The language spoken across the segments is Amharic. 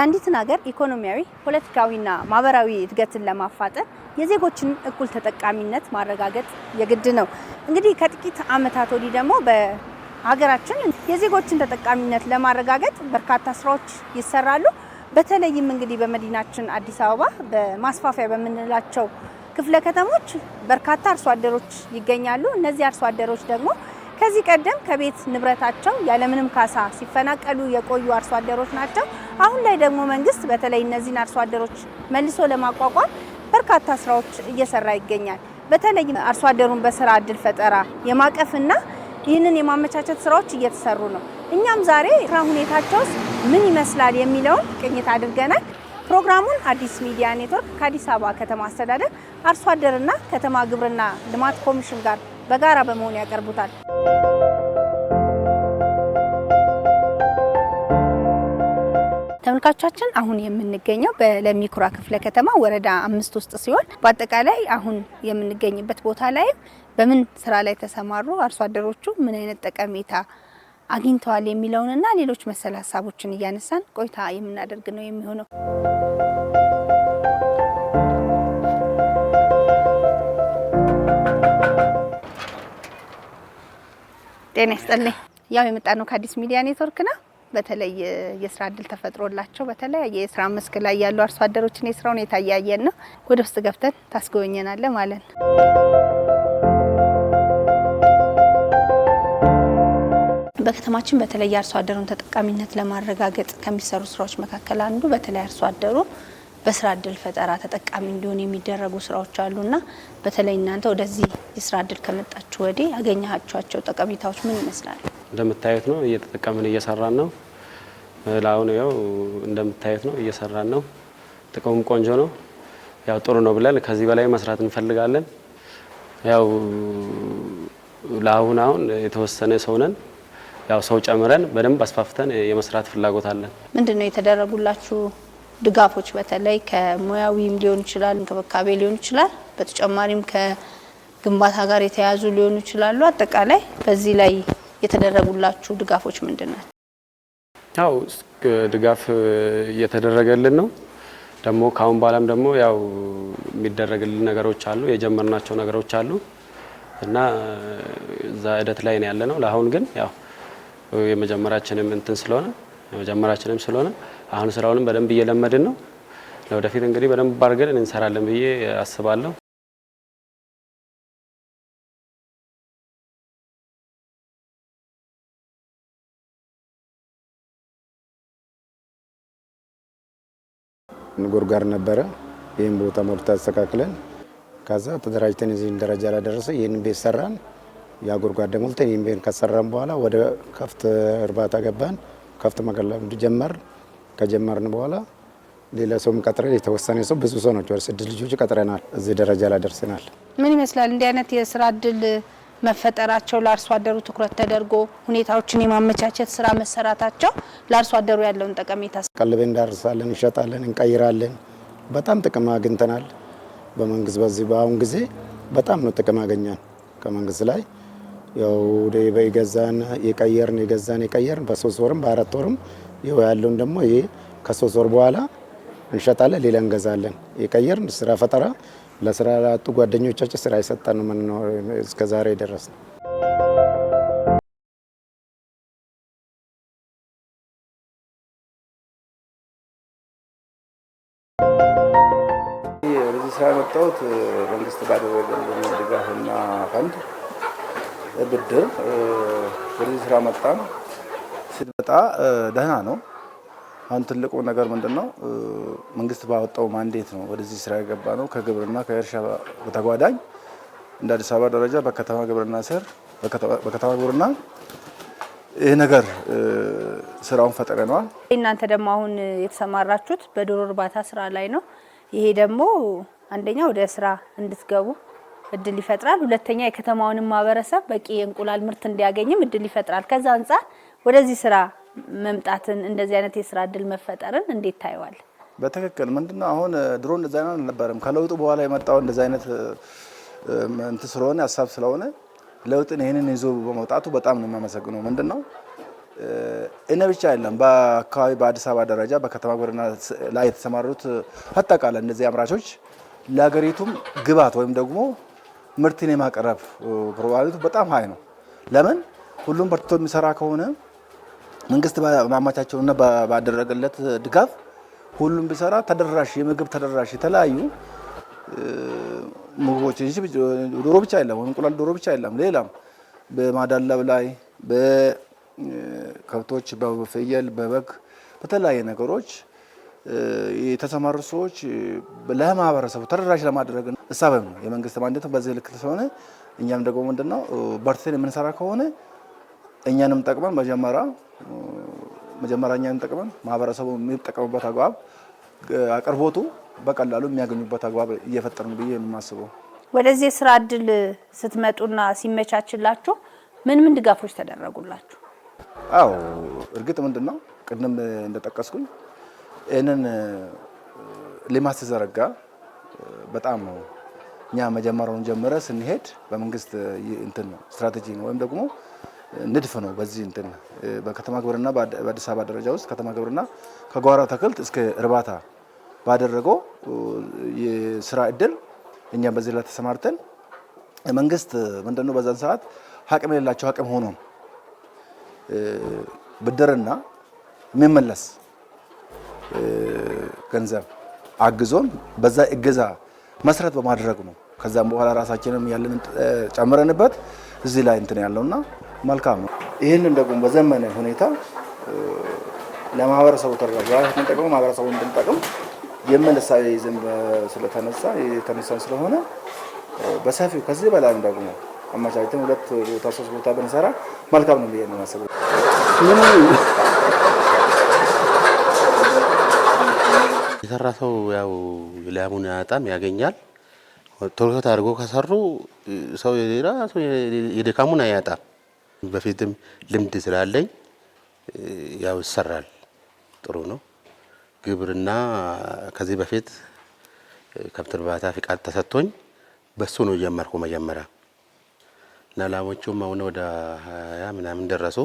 የአንዲትን ሀገር ኢኮኖሚያዊ፣ ፖለቲካዊና ማህበራዊ እድገትን ለማፋጠን የዜጎችን እኩል ተጠቃሚነት ማረጋገጥ የግድ ነው። እንግዲህ ከጥቂት ዓመታት ወዲህ ደግሞ በሀገራችን የዜጎችን ተጠቃሚነት ለማረጋገጥ በርካታ ስራዎች ይሰራሉ። በተለይም እንግዲህ በመዲናችን አዲስ አበባ በማስፋፊያ በምንላቸው ክፍለ ከተሞች በርካታ አርሶ አደሮች ይገኛሉ። እነዚህ አርሶ አደሮች ደግሞ ከዚህ ቀደም ከቤት ንብረታቸው ያለምንም ካሳ ሲፈናቀሉ የቆዩ አርሶ አደሮች ናቸው። አሁን ላይ ደግሞ መንግስት በተለይ እነዚህን አርሶ አደሮች መልሶ ለማቋቋም በርካታ ስራዎች እየሰራ ይገኛል። በተለይ አርሶ አደሩን በስራ እድል ፈጠራ የማቀፍና ይህንን የማመቻቸት ስራዎች እየተሰሩ ነው። እኛም ዛሬ ስራ ሁኔታቸውስ ምን ይመስላል የሚለውን ቅኝት አድርገናል። ፕሮግራሙን አዲስ ሚዲያ ኔትወርክ ከአዲስ አበባ ከተማ አስተዳደር አርሶ አደርና ከተማ ግብርና ልማት ኮሚሽን ጋር በጋራ በመሆን ያቀርቡታል። ተመልካቾቻችን አሁን የምንገኘው በለሚኩራ ክፍለ ከተማ ወረዳ አምስት ውስጥ ሲሆን በአጠቃላይ አሁን የምንገኝበት ቦታ ላይ በምን ስራ ላይ ተሰማሩ አርሶ አደሮቹ ምን አይነት ጠቀሜታ አግኝተዋል የሚለውንና ሌሎች መሰል ሀሳቦችን እያነሳን ቆይታ የምናደርግ ነው የሚሆነው። ጤና ይስጥልኝ። ያው የመጣ ነው ከአዲስ ሚዲያ ኔትወርክ ነው። በተለይ የስራ እድል ተፈጥሮላቸው በተለያየ የስራ መስክ ላይ ያሉ አርሶ አደሮችን የስራ ሁኔታ እያየን ነው። ወደ ውስጥ ገብተን ታስጎበኘናለ ማለት ነው። በከተማችን በተለይ አርሶ አደሩን ተጠቃሚነት ለማረጋገጥ ከሚሰሩ ስራዎች መካከል አንዱ በተለይ አርሶ አደሩ በስራ እድል ፈጠራ ተጠቃሚ እንዲሆን የሚደረጉ ስራዎች አሉና በተለይ እናንተ ወደዚህ የስራ እድል ከመጣችሁ ወዲህ ያገኛችኋቸው ጠቀሜታዎች ምን ይመስላሉ? እንደምታዩት ነው እየተጠቀምን እየሰራን ነው። ለአሁኑ ያው እንደምታዩት ነው እየሰራን ነው። ጥቅሙም ቆንጆ ነው። ያው ጥሩ ነው ብለን ከዚህ በላይ መስራት እንፈልጋለን። ያው ለአሁን አሁን የተወሰነ ሰው ነን። ያው ሰው ጨምረን በደንብ አስፋፍተን የመስራት ፍላጎት አለን። ምንድን ነው የተደረጉላችሁ ድጋፎች? በተለይ ከሙያዊም ሊሆን ይችላል፣ እንክብካቤ ሊሆን ይችላል፣ በተጨማሪም ከግንባታ ጋር የተያያዙ ሊሆኑ ይችላሉ። አጠቃላይ በዚህ ላይ የተደረጉላችሁ ድጋፎች ምንድን ናቸው? ያው ድጋፍ እየተደረገልን ነው። ደግሞ ከአሁን በኋላም ደግሞ ያው የሚደረግልን ነገሮች አሉ፣ የጀመርናቸው ነገሮች አሉ እና እዛ እደት ላይ ነው ያለ ነው። ለአሁን ግን ያው የመጀመራችንም እንትን ስለሆነ የመጀመራችንም ስለሆነ አሁን ስራውንም በደንብ እየለመድን ነው። ለወደፊት እንግዲህ በደንብ አድርገን እንሰራለን ብዬ አስባለሁ። ንጎርጓር ነበረ። ይህን ቦታ ሞልታ አስተካክለን ከዛ ተደራጅተን እዚህ ደረጃ ላይ ደረሰ። ይህን ቤት ሰራን። ያ ጎርጓር ሞልተን ይህን ቤት ከሰራን በኋላ ወደ ከፍት እርባታ ገባን። ከፍት መገለብ ጀመር። ከጀመርን በኋላ ሌላ ሰውም ቀጥረን የተወሰነ ሰው ብዙ ሰው ናቸው፣ ስድስት ልጆች ቀጥረናል። እዚህ ደረጃ ላይ ደርሰናል። ምን ይመስላል እንዲህ አይነት የስራ እድል መፈጠራቸው ለአርሶ አደሩ ትኩረት ተደርጎ ሁኔታዎችን የማመቻቸት ስራ መሰራታቸው ለአርሶ አደሩ ያለውን ጠቀሜታ ቀልቤ እንዳርሳለን፣ እንሸጣለን፣ እንቀይራለን። በጣም ጥቅም አግኝተናል። በመንግስት በዚህ በአሁን ጊዜ በጣም ነው ጥቅም አገኛል ከመንግስት ላይ ያው የገዛን የቀየርን የገዛን የቀየርን በሶስት ወርም በአራት ወርም ይኸው ያለውን ደግሞ ይሄ ከሶስት ወር በኋላ እንሸጣለን፣ ሌላ እንገዛለን። የቀየርን ስራ ፈጠራ ለስራ ላጡ ጓደኞቻችን ስራ የሰጠን ምንኖር እስከዛሬ ድረስ ነው። ስራ የመጣሁት መንግስት ባደረገልን ድጋፍና ፈንድ ብድር ወደዚህ ስራ መጣ። ስንመጣ ደህና ነው አሁን ትልቁ ነገር ምንድን ነው? መንግስት ባወጣው ማንዴት ነው ወደዚህ ስራ የገባ ነው። ከግብርና ከእርሻ በተጓዳኝ እንደ አዲስ አበባ ደረጃ በከተማ ግብርና ስር በከተማ ግብርና ይህ ነገር ስራውን ፈጥረነዋል። እናንተ ደግሞ አሁን የተሰማራችሁት በዶሮ እርባታ ስራ ላይ ነው። ይሄ ደግሞ አንደኛ ወደ ስራ እንድትገቡ እድል ይፈጥራል። ሁለተኛ የከተማውንም ማህበረሰብ በቂ የእንቁላል ምርት እንዲያገኝም እድል ይፈጥራል። ከዛ አንጻር ወደዚህ ስራ መምጣትን እንደዚህ አይነት የስራ እድል መፈጠርን እንዴት ታየዋል? በትክክል ምንድነው አሁን ድሮ እንደዛ አይነት አልነበረም። ከለውጡ በኋላ የመጣው እንደዚ አይነት እንት ስለሆነ ሀሳብ ስለሆነ ለውጥን ይህንን ይዞ በመውጣቱ በጣም ነው የሚያመሰግነው። ምንድነው እኔ ብቻ የለም በአካባቢ በአዲስ አበባ ደረጃ በከተማ ግብርና ላይ የተሰማሩት አጠቃላይ እነዚህ አምራቾች ለሀገሪቱም ግብዓት ወይም ደግሞ ምርትን የማቅረብ ፕሮባቢሊቲው በጣም ሀይ ነው። ለምን ሁሉም በርትቶ የሚሰራ ከሆነ መንግስት ባመቻቸውና ባደረገለት ድጋፍ ሁሉም ቢሰራ ተደራሽ የምግብ ተደራሽ የተለያዩ ምግቦች እንጂ ዶሮ ብቻ የለም፣ እንቁላል ዶሮ ብቻ የለም። ሌላም በማዳለብ ላይ በከብቶች በፍየል በበግ በተለያየ ነገሮች የተሰማሩ ሰዎች ለማህበረሰቡ ተደራሽ ለማድረግ እሳበም የመንግስት ማንደት በዚህ ልክ ስለሆነ እኛም ደግሞ ምንድነው በርትተን የምንሰራ ከሆነ እኛንም ጠቅመን መጀመሪያ መጀመሪያ እኛንም ጠቅመን ማህበረሰቡ የሚጠቀሙበት አግባብ አቅርቦቱ በቀላሉ የሚያገኙበት አግባብ እየፈጠርን ብዬ የማስበው። ወደዚህ የስራ እድል ስትመጡና ሲመቻችላችሁ ምን ምን ድጋፎች ተደረጉላችሁ? አዎ እርግጥ ምንድን ነው ቅድም እንደጠቀስኩኝ ይህንን ልማት ሲዘረጋ በጣም እኛ መጀመሪያውን ጀምረ ስንሄድ በመንግስት እንትን ነው ስትራቴጂ ነው ወይም ደግሞ ንድፍ ነው። በዚህ እንትን በከተማ ግብርና በአዲስ አበባ ደረጃ ውስጥ ከተማ ግብርና ከጓሮ አትክልት እስከ እርባታ ባደረገው የስራ እድል እኛም በዚህ ላይ ተሰማርተን መንግስት ምንድነው በዛን ሰዓት አቅም የሌላቸው አቅም ሆኖ ብድርና የሚመለስ ገንዘብ አግዞን በዛ እገዛ መሰረት በማድረግ ነው። ከዛም በኋላ ራሳችንም ያለንን ጨምረንበት እዚህ ላይ እንትን ያለውና መልካም ነው። ይህንን ደግሞ በዘመነ ሁኔታ ለማህበረሰቡ ተደራጅ የምንጠቅመው ማህበረሰቡ እንድንጠቅም የሚል ይዘን ስለተነሳ የተነሳን ስለሆነ በሰፊው ከዚህ በላይም ደግሞ አመቻችተን ሁለት ቦታ ሶስት ቦታ ብንሰራ መልካም ነው ብዬ ነው የማስበው። የሰራ ሰው ያው ላሙን ያጣም ያገኛል። ትኩረት አድርጎ ከሰሩ ሰው የሌላ ሰው የደካሙን አያጣም። በፊትም ልምድ ስላለኝ ያው ይሰራል። ጥሩ ነው። ግብርና ከዚህ በፊት ከብት እርባታ ፍቃድ ተሰጥቶኝ በሱ ነው ጀመርኩ መጀመሪያ እና ላሞቹም አሁን ወደ ሀያ ምናምን ደረሱ።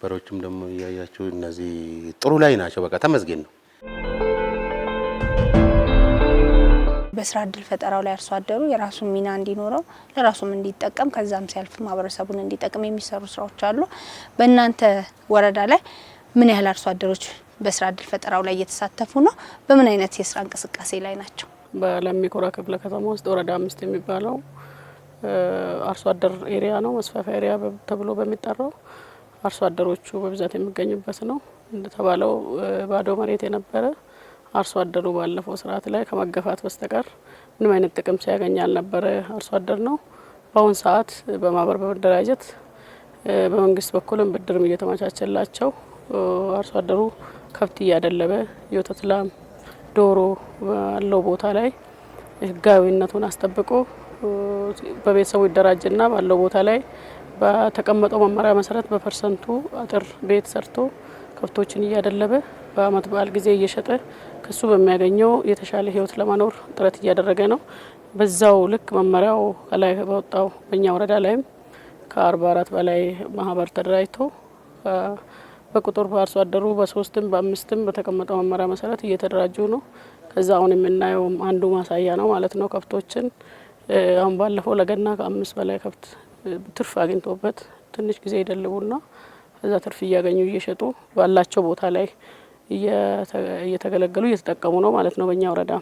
በሮችም ደግሞ እያያችሁ እነዚህ ጥሩ ላይ ናቸው። በቃ ተመስገን ነው። በስራ እድል ፈጠራው ላይ አርሶ አደሩ የራሱን ሚና እንዲኖረው ለራሱም እንዲጠቀም ከዛም ሲያልፍ ማህበረሰቡን እንዲጠቅም የሚሰሩ ስራዎች አሉ። በእናንተ ወረዳ ላይ ምን ያህል አርሶ አደሮች በስራ እድል ፈጠራው ላይ እየተሳተፉ ነው? በምን አይነት የስራ እንቅስቃሴ ላይ ናቸው? በለሚ ኩራ ክፍለ ከተማ ውስጥ ወረዳ አምስት የሚባለው አርሶ አደር ኤሪያ ነው፣ መስፋፊያ ኤሪያ ተብሎ በሚጠራው አርሶ አደሮቹ በብዛት የሚገኙበት ነው። እንደተባለው ባዶ መሬት የነበረ አርሶ አደሩ ባለፈው ስርዓት ላይ ከመገፋት በስተቀር ምንም አይነት ጥቅም ሲያገኝ ያልነበረ አርሶ አደር ነው። በአሁን ሰዓት በማህበር በመደራጀት በመንግስት በኩልም ብድርም እየተመቻቸላቸው አርሶ አደሩ ከብት እያደለበ የወተት ላም፣ ዶሮ ባለው ቦታ ላይ ህጋዊነቱን አስጠብቆ በቤተሰቡ ይደራጅና ባለው ቦታ ላይ በተቀመጠው መመሪያ መሰረት በፐርሰንቱ አጥር ቤት ሰርቶ ከብቶችን እያደለበ በአመት በዓል ጊዜ እየሸጠ ከሱ በሚያገኘው የተሻለ ህይወት ለመኖር ጥረት እያደረገ ነው። በዛው ልክ መመሪያው ከላይ በወጣው በእኛ ወረዳ ላይም ከአርባ አራት በላይ ማህበር ተደራጅቶ በቁጥር በአርሶ አደሩ በሶስትም በአምስትም በተቀመጠው መመሪያ መሰረት እየተደራጁ ነው። ከዛ አሁን የምናየው አንዱ ማሳያ ነው ማለት ነው። ከብቶችን አሁን ባለፈው ለገና ከአምስት በላይ ከብት ትርፍ አግኝቶበት ትንሽ ጊዜ ይደልቡና ከዛ ትርፍ እያገኙ እየሸጡ ባላቸው ቦታ ላይ እየተገለገሉ እየተጠቀሙ ነው ማለት ነው በእኛ ወረዳ።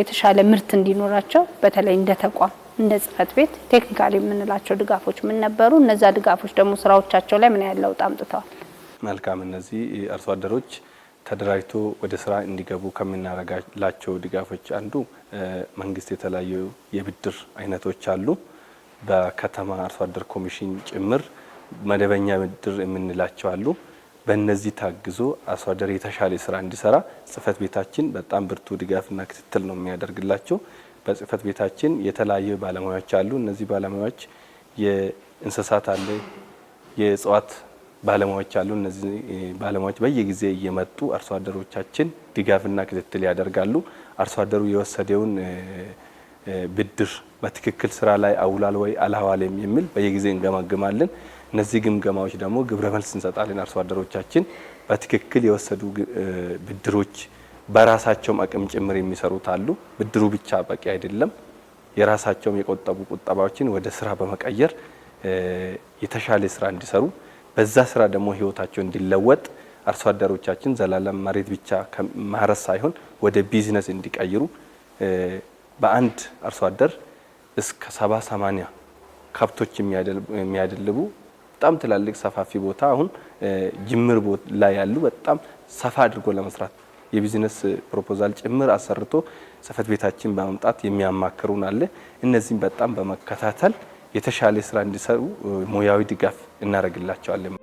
የተሻለ ምርት እንዲኖራቸው በተለይ እንደ ተቋም እንደ ጽህፈት ቤት ቴክኒካሊ የምንላቸው ድጋፎች ምን ነበሩ? እነዛ ድጋፎች ደግሞ ስራዎቻቸው ላይ ምን ያህል ለውጥ አምጥተዋል? መልካም። እነዚህ አርሶ አደሮች ተደራጅቶ ወደ ስራ እንዲገቡ ከምናደርጋላቸው ድጋፎች አንዱ መንግስት የተለያዩ የብድር አይነቶች አሉ። በከተማ አርሶ አደር ኮሚሽን ጭምር መደበኛ ብድር የምንላቸው አሉ። በእነዚህ ታግዞ አርሶ አደር የተሻለ ስራ እንዲሰራ ጽህፈት ቤታችን በጣም ብርቱ ድጋፍና ክትትል ነው የሚያደርግላቸው። በጽህፈት ቤታችን የተለያዩ ባለሙያዎች አሉ። እነዚህ ባለሙያዎች የእንስሳት አለ፣ የእጽዋት ባለሙያዎች አሉ። እነዚህ ባለሙያዎች በየጊዜ እየመጡ አርሶ አደሮቻችን ድጋፍና ክትትል ያደርጋሉ። አርሶ አደሩ የወሰደውን ብድር በትክክል ስራ ላይ አውሏል ወይ አላዋለም የሚል በየጊዜ እንገማግማለን። እነዚህ ግምገማዎች ደግሞ ግብረ መልስ እንሰጣለን። አርሶ አደሮቻችን በትክክል የወሰዱ ብድሮች በራሳቸውም አቅም ጭምር የሚሰሩት አሉ። ብድሩ ብቻ በቂ አይደለም። የራሳቸውም የቆጠቡ ቁጠባዎችን ወደ ስራ በመቀየር የተሻለ ስራ እንዲሰሩ በዛ ስራ ደግሞ ህይወታቸው እንዲለወጥ አርሶ አደሮቻችን ዘላለም መሬት ብቻ ማረስ ሳይሆን ወደ ቢዝነስ እንዲቀይሩ በአንድ አርሶ አደር እስከ ሰባ ሰማኒያ ከብቶች የሚያደልቡ በጣም ትላልቅ ሰፋፊ ቦታ አሁን ጅምር ላይ ያሉ በጣም ሰፋ አድርጎ ለመስራት የቢዝነስ ፕሮፖዛል ጭምር አሰርቶ ጽህፈት ቤታችን በመምጣት የሚያማክሩን አለ። እነዚህም በጣም በመከታተል የተሻለ ስራ እንዲሰሩ ሙያዊ ድጋፍ እናደርግላቸዋለን።